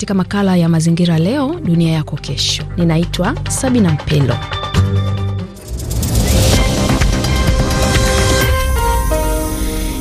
katika makala ya mazingira leo dunia yako kesho. Ninaitwa Sabina Mpelo.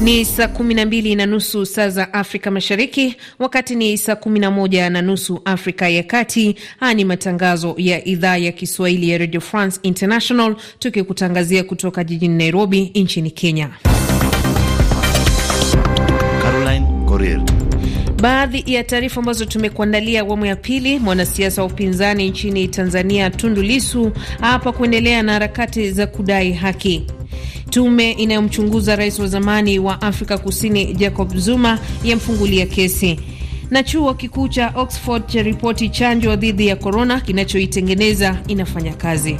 Ni saa kumi na mbili na nusu saa za Afrika Mashariki, wakati ni saa kumi na moja na nusu Afrika ya Kati. Haya ni matangazo ya idhaa ya Kiswahili ya Radio France International, tukikutangazia kutoka jijini Nairobi nchini Kenya. Caroline Corrier Baadhi ya taarifa ambazo tumekuandalia awamu ya pili: mwanasiasa wa upinzani nchini Tanzania Tundu Lisu hapa kuendelea na harakati za kudai haki. Tume inayomchunguza rais wa zamani wa Afrika Kusini Jacob Zuma yamfungulia kesi na chuo kikuu cha Oxford cha ripoti chanjo dhidi ya korona kinachoitengeneza inafanya kazi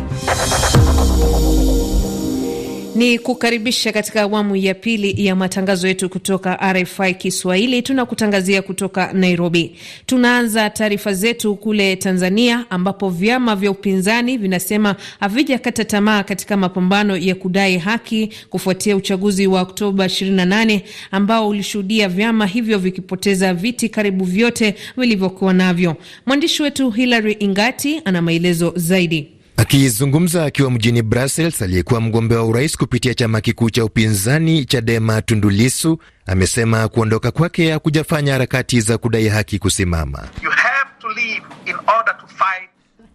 ni kukaribisha katika awamu ya pili ya matangazo yetu kutoka RFI Kiswahili. Tunakutangazia kutoka Nairobi. Tunaanza taarifa zetu kule Tanzania, ambapo vyama vya upinzani vinasema havijakata tamaa katika mapambano ya kudai haki kufuatia uchaguzi wa Oktoba 28 ambao ulishuhudia vyama hivyo vikipoteza viti karibu vyote vilivyokuwa navyo. Mwandishi wetu Hilary Ingati ana maelezo zaidi. Akizungumza akiwa mjini Brussels, aliyekuwa mgombea wa urais kupitia chama kikuu cha upinzani Chadema tundulisu amesema kuondoka kwake hakujafanya harakati za kudai haki kusimama.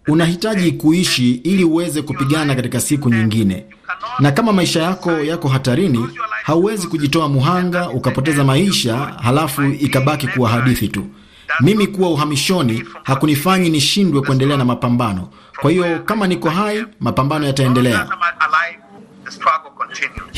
Unahitaji kuishi ili uweze kupigana katika siku nyingine, na kama maisha yako yako hatarini, hauwezi kujitoa muhanga ukapoteza maisha halafu ikabaki kuwa hadithi tu. Mimi kuwa uhamishoni hakunifanyi nishindwe kuendelea na mapambano. Kwa hiyo kama niko hai, mapambano yataendelea.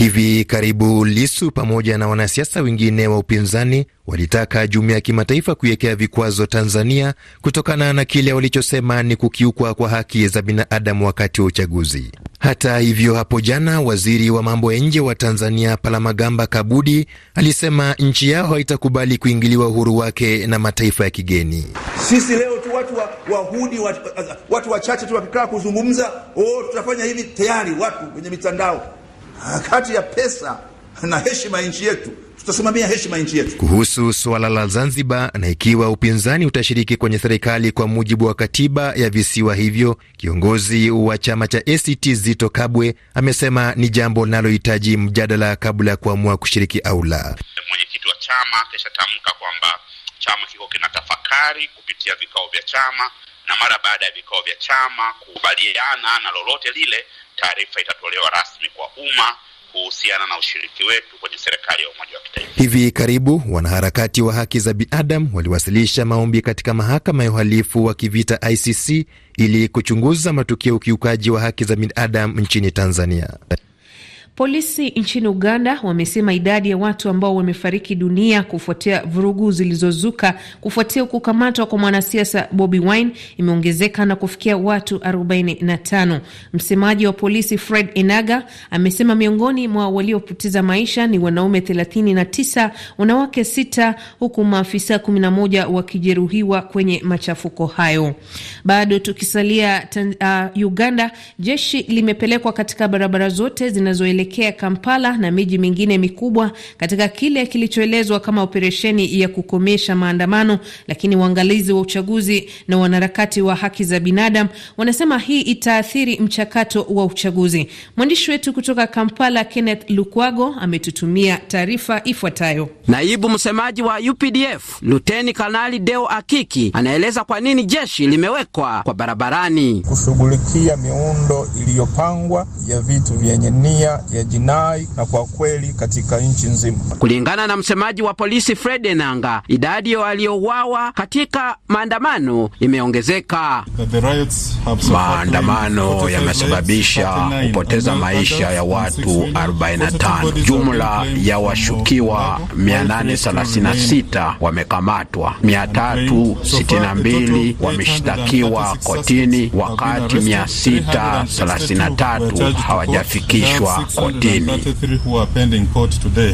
Hivi karibu Lisu pamoja na wanasiasa wengine wa upinzani walitaka jumuiya ya kimataifa kuiwekea vikwazo Tanzania kutokana na kile walichosema ni kukiukwa kwa haki za binadamu wakati wa uchaguzi. Hata hivyo, hapo jana waziri wa mambo ya nje wa Tanzania Palamagamba Kabudi alisema nchi yao haitakubali kuingiliwa uhuru wake na mataifa ya kigeni. Sisi leo tu watu wahudi watu wachache tu wakikaa kuzungumza, oh, tutafanya hivi, tayari watu kwenye mitandao kati ya pesa na heshima ya nchi yetu. Tutasimamia heshima ya nchi yetu. Kuhusu suala la Zanzibar na ikiwa upinzani utashiriki kwenye serikali kwa mujibu wa katiba ya visiwa hivyo, kiongozi wa chama cha ACT Zito Kabwe amesema ni jambo linalohitaji mjadala kabla ya kuamua kushiriki au la. Mwenyekiti wa chama kishatamka kwamba chama kiko kinatafakari kupitia vikao vya chama na mara baada ya vikao vya chama kukubaliana na lolote lile taarifa itatolewa rasmi kwa umma kuhusiana na ushiriki wetu kwenye serikali ya umoja wa kitaifa. Hivi karibu wanaharakati wa haki za binadamu waliwasilisha maombi katika mahakama ya uhalifu wa kivita ICC ili kuchunguza matukio ya ukiukaji wa haki za binadamu nchini Tanzania. Polisi nchini Uganda wamesema idadi ya watu ambao wamefariki dunia kufuatia vurugu zilizozuka kufuatia kukamatwa kwa mwanasiasa Bobi Wine imeongezeka na kufikia watu 45. Msemaji wa polisi Fred Enaga amesema miongoni mwa waliopoteza maisha ni wanaume 39, wanawake 6, huku maafisa 11 wakijeruhiwa kwenye machafuko hayo. Bado tukisalia uh, Uganda, jeshi limepelekwa katika barabara zote zinazoelekea kuelekea Kampala na miji mingine mikubwa katika kile kilichoelezwa kama operesheni ya kukomesha maandamano, lakini waangalizi wa uchaguzi na wanaharakati wa haki za binadamu wanasema hii itaathiri mchakato wa uchaguzi. Mwandishi wetu kutoka Kampala, Kenneth Lukwago, ametutumia taarifa ifuatayo. Naibu msemaji wa UPDF Luteni Kanali Deo Akiki anaeleza kwa nini jeshi limewekwa kwa barabarani kushughulikia miundo iliyopangwa ya vitu vyenye nia ya jinai na kwa kweli katika nchi nzima. Kulingana na msemaji wa polisi Fred Nanga, idadi ya waliouawa katika maandamano imeongezeka. Maandamano yamesababisha kupoteza maisha ya watu 45. Jumla ya washukiwa 836 wamekamatwa, 362 wameshtakiwa kotini, wakati 633 hawajafikishwa kotini.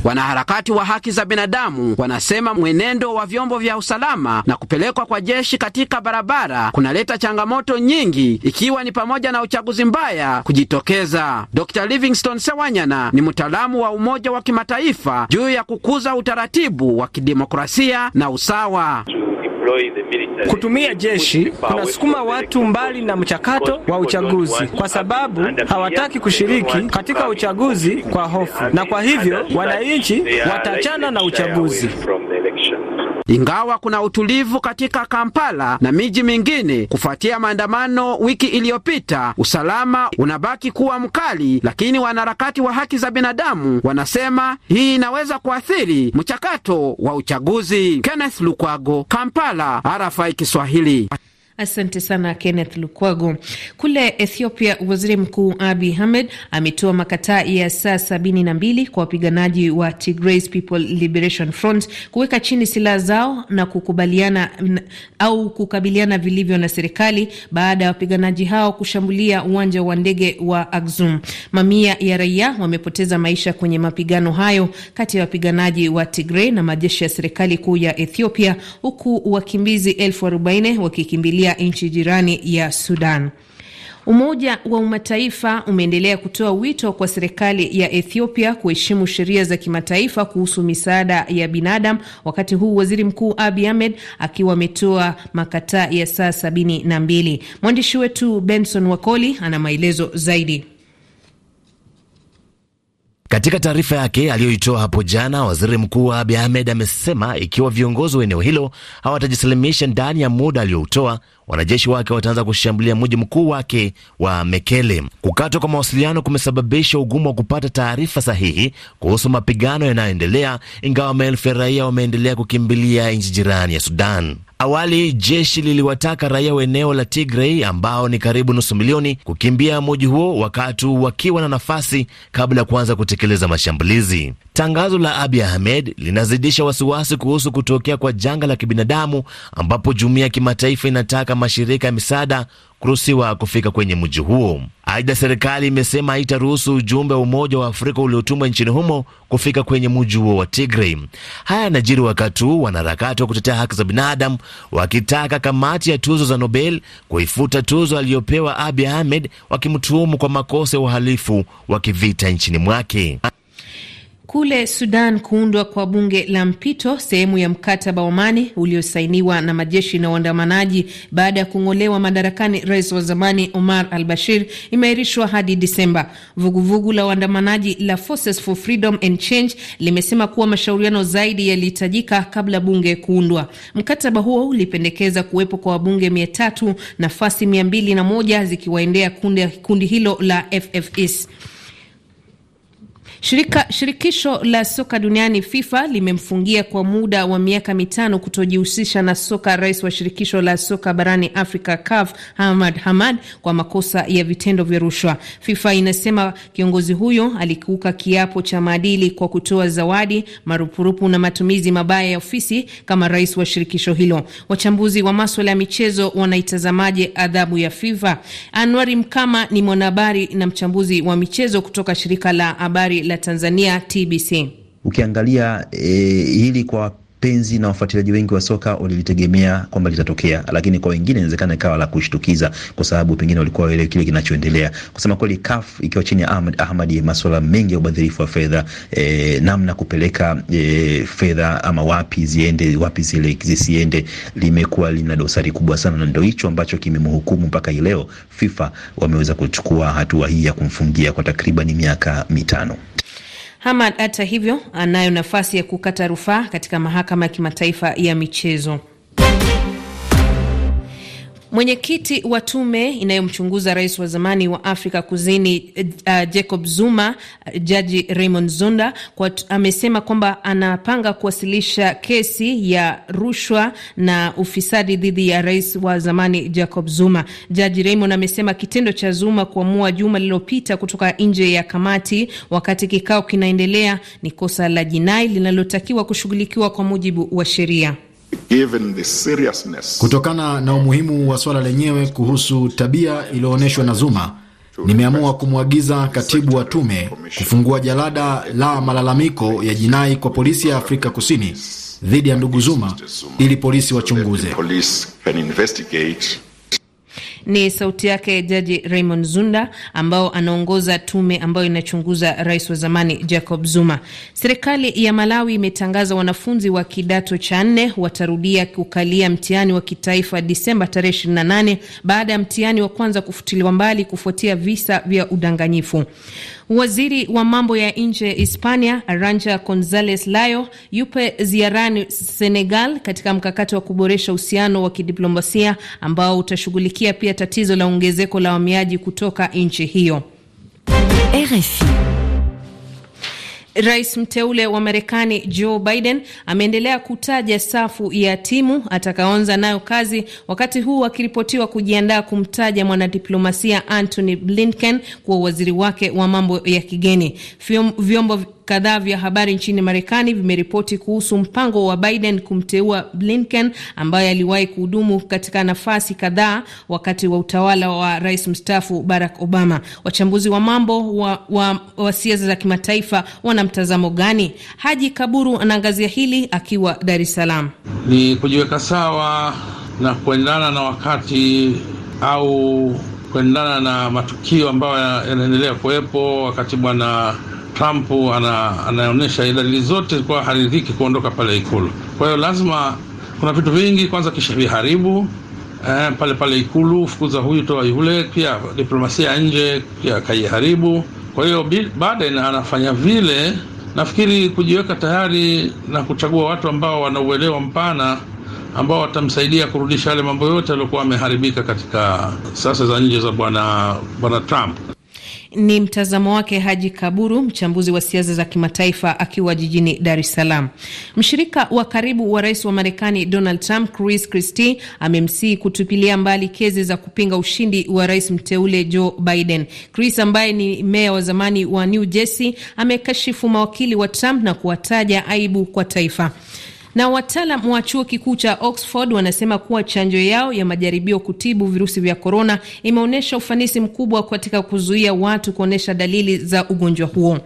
Wanaharakati wa haki za binadamu wanasema mwenendo wa vyombo vya usalama na kupelekwa kwa jeshi katika barabara kunaleta changamoto nyingi, ikiwa ni pamoja na uchaguzi mbaya kujitokeza. Dr. Livingstone Sewanyana ni mtaalamu wa Umoja wa Kimataifa juu ya kukuza utaratibu wa kidemokrasia na usawa. Kutumia jeshi kunasukuma watu mbali na mchakato wa uchaguzi, kwa sababu hawataki kushiriki katika uchaguzi kwa hofu, na kwa hivyo wananchi watachana na uchaguzi ingawa kuna utulivu katika Kampala na miji mingine kufuatia maandamano wiki iliyopita. Usalama unabaki kuwa mkali, lakini wanaharakati wa haki za binadamu wanasema hii inaweza kuathiri mchakato wa uchaguzi. Kenneth Lukwago, Kampala, RFI Kiswahili. Asante sana Kenneth Lukwago. Kule Ethiopia, waziri mkuu Abi Ahmed ametoa makataa ya saa sabini na mbili kwa wapiganaji wa Tigray People Liberation Front kuweka chini silaha zao na kukubaliana au kukabiliana vilivyo na serikali baada ya wapiganaji hao kushambulia uwanja wa ndege wa Axum. Mamia ya raia wamepoteza maisha kwenye mapigano hayo kati ya wapiganaji wa Tigray na majeshi ya serikali kuu ya Ethiopia, huku wakimbizi elfu arobaini wakikimbilia kuingia nchi jirani ya Sudan. Umoja wa Mataifa umeendelea kutoa wito kwa serikali ya Ethiopia kuheshimu sheria za kimataifa kuhusu misaada ya binadamu, wakati huu waziri mkuu Abiy Ahmed akiwa ametoa makataa ya saa sabini na mbili. Mwandishi wetu Benson Wakoli ana maelezo zaidi. Katika taarifa yake aliyoitoa hapo jana, waziri mkuu abi Ahmed amesema ikiwa viongozi wa eneo hilo hawatajisalimisha ndani ya muda aliyoutoa, wanajeshi wake wataanza kushambulia mji mkuu wake wa Mekele. Kukatwa kwa mawasiliano kumesababisha ugumu wa kupata taarifa sahihi kuhusu mapigano yanayoendelea, ingawa maelfu ya raia wameendelea kukimbilia nchi jirani ya Sudan. Awali jeshi liliwataka raia wa eneo la Tigray ambao ni karibu nusu milioni kukimbia mji huo wakati wakiwa na nafasi kabla ya kuanza kutekeleza mashambulizi. Tangazo la Abiy Ahmed linazidisha wasiwasi kuhusu kutokea kwa janga la kibinadamu ambapo jumuiya ya kimataifa inataka mashirika ya misaada kuruhusiwa kufika kwenye mji huo. Aidha, serikali imesema haitaruhusu ujumbe wa Umoja wa Afrika uliotumwa nchini humo kufika kwenye mji huo wa Tigray. Haya yanajiri wakati huu wanaharakati wa kutetea haki za binadamu wakitaka kamati ya tuzo za Nobel kuifuta tuzo aliyopewa Abiy Ahmed, wakimtuhumu kwa makosa ya uhalifu wa kivita nchini mwake. Kule Sudan, kuundwa kwa bunge la mpito, sehemu ya mkataba wa amani uliosainiwa na majeshi na waandamanaji baada ya kung'olewa madarakani rais wa zamani Omar al Bashir, imeahirishwa hadi Disemba. Vuguvugu la waandamanaji la Forces for Freedom and Change limesema kuwa mashauriano zaidi yalihitajika kabla bunge kuundwa. Mkataba huo ulipendekeza kuwepo kwa wabunge mia tatu, nafasi mia mbili na moja zikiwaendea kundi hilo la FFS. Shirika, shirikisho la soka duniani FIFA limemfungia kwa muda wa miaka mitano kutojihusisha na soka rais wa shirikisho la soka barani Afrika CAF Hamad Hamad kwa makosa ya vitendo vya rushwa. FIFA inasema kiongozi huyo alikiuka kiapo cha maadili kwa kutoa zawadi, marupurupu na matumizi mabaya ya ofisi kama rais wa shirikisho hilo. Wachambuzi wa maswala ya michezo wanaitazamaje adhabu ya FIFA? Anwari Mkama ni mwanahabari na mchambuzi wa michezo kutoka shirika la habari la Tanzania TBC. Ukiangalia e, hili kwa penzi na wafuatiliaji wengi wa soka walilitegemea kwamba litatokea, lakini kwa wengine inawezekana ikawa la kushtukiza, kwa sababu pengine walikuwa waelewi kile kinachoendelea. Kusema kweli, CAF ikiwa chini ya Ahmad Ahmadi, masuala mengi ya ubadhirifu wa fedha e, namna kupeleka e, fedha ama wapi ziende wapi zile zisiende, limekuwa lina dosari kubwa sana, na ndio hicho ambacho kimemhukumu mpaka hii leo FIFA wameweza kuchukua hatua hii ya kumfungia kwa takriban miaka mitano. Hamad hata hivyo anayo nafasi ya kukata rufaa katika mahakama ya kimataifa ya michezo. Mwenyekiti wa tume inayomchunguza rais wa zamani wa Afrika Kusini uh, Jacob Zuma uh, Jaji Raymond zunda kwa amesema kwamba anapanga kuwasilisha kesi ya rushwa na ufisadi dhidi ya rais wa zamani Jacob Zuma. Jaji Raymond amesema kitendo cha Zuma kuamua juma lililopita kutoka nje ya kamati wakati kikao kinaendelea ni kosa la jinai linalotakiwa kushughulikiwa kwa mujibu wa sheria. Given the seriousness. Kutokana na umuhimu wa swala lenyewe kuhusu tabia iliyoonyeshwa na Zuma, nimeamua kumwagiza katibu wa tume kufungua jalada la malalamiko ya jinai kwa polisi ya Afrika Kusini dhidi ya ndugu Zuma ili polisi wachunguze. Ni sauti yake Jaji Raymond Zunda, ambao anaongoza tume ambayo inachunguza rais wa zamani Jacob Zuma. Serikali ya Malawi imetangaza wanafunzi wa kidato cha nne watarudia kukalia mtihani wa kitaifa Disemba tarehe 28 baada ya mtihani wa kwanza kufutiliwa mbali kufuatia visa vya udanganyifu. Waziri wa mambo ya nje Hispania Aranja Gonzales Layo yupe ziarani Senegal katika mkakati wa kuboresha uhusiano wa kidiplomasia ambao utashughulikia pia tatizo la ongezeko la wahamiaji kutoka nchi hiyo. RFI. Rais mteule wa Marekani Joe Biden ameendelea kutaja safu ya timu atakaoanza nayo kazi, wakati huu akiripotiwa kujiandaa kumtaja mwanadiplomasia Antony Blinken kuwa waziri wake wa mambo ya kigeni. Vyombo kadhaa vya habari nchini Marekani vimeripoti kuhusu mpango wa Biden kumteua Blinken ambaye aliwahi kuhudumu katika nafasi kadhaa wakati wa utawala wa rais mstaafu Barack Obama. Wachambuzi wa mambo wa, wa, wa siasa za kimataifa wana mtazamo gani? Haji Kaburu anaangazia hili akiwa Dar es Salaam. Ni kujiweka sawa na kuendana na wakati au kuendana na matukio ambayo yanaendelea kuwepo, wakati bwana Trump ana, anaonyesha dalili zote kuwa haridhiki kuondoka pale Ikulu. Kwa hiyo lazima kuna vitu vingi, kwanza kisha viharibu eh, pale pale Ikulu, fukuza huyu toa yule, pia diplomasia nje pia kaiharibu. Kwa hiyo Biden anafanya vile, nafikiri kujiweka tayari na kuchagua watu ambao wanauelewa mpana ambao watamsaidia kurudisha yale mambo yote aliyokuwa ameharibika katika siasa za nje za bwana bwana Trump. Ni mtazamo wake Haji Kaburu, mchambuzi wa siasa za kimataifa akiwa jijini Dar es Salaam. Mshirika wa karibu wa rais wa Marekani Donald Trump, Chris Christie, amemsihi kutupilia mbali kesi za kupinga ushindi wa rais mteule Joe Biden. Chris ambaye ni meya wa zamani wa New Jersey amekashifu mawakili wa Trump na kuwataja aibu kwa taifa. Na wataalam wa chuo kikuu cha Oxford wanasema kuwa chanjo yao ya majaribio kutibu virusi vya korona imeonyesha ufanisi mkubwa katika kuzuia watu kuonyesha dalili za ugonjwa huo.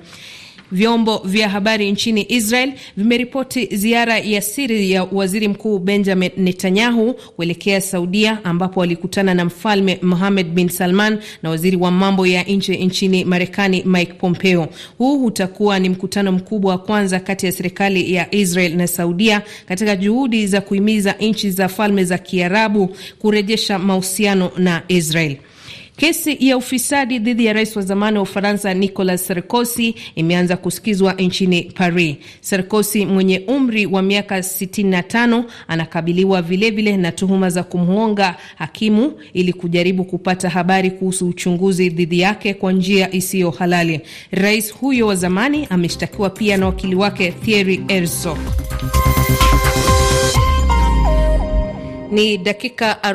Vyombo vya habari nchini Israel vimeripoti ziara ya siri ya waziri mkuu Benjamin Netanyahu kuelekea Saudia, ambapo walikutana na mfalme Mohammed bin Salman na waziri wa mambo ya nje nchini Marekani Mike Pompeo. Huu utakuwa ni mkutano mkubwa wa kwanza kati ya serikali ya Israel na Saudia katika juhudi za kuhimiza nchi za falme za Kiarabu kurejesha mahusiano na Israel. Kesi ya ufisadi dhidi ya rais wa zamani wa Ufaransa Nicolas Sarkozy imeanza kusikizwa nchini Paris. Sarkozy mwenye umri wa miaka 65 anakabiliwa vilevile na tuhuma za kumhonga hakimu ili kujaribu kupata habari kuhusu uchunguzi dhidi yake kwa njia isiyo halali. Rais huyo wa zamani ameshtakiwa pia na wakili wake Thierry Herzog. Ni dakika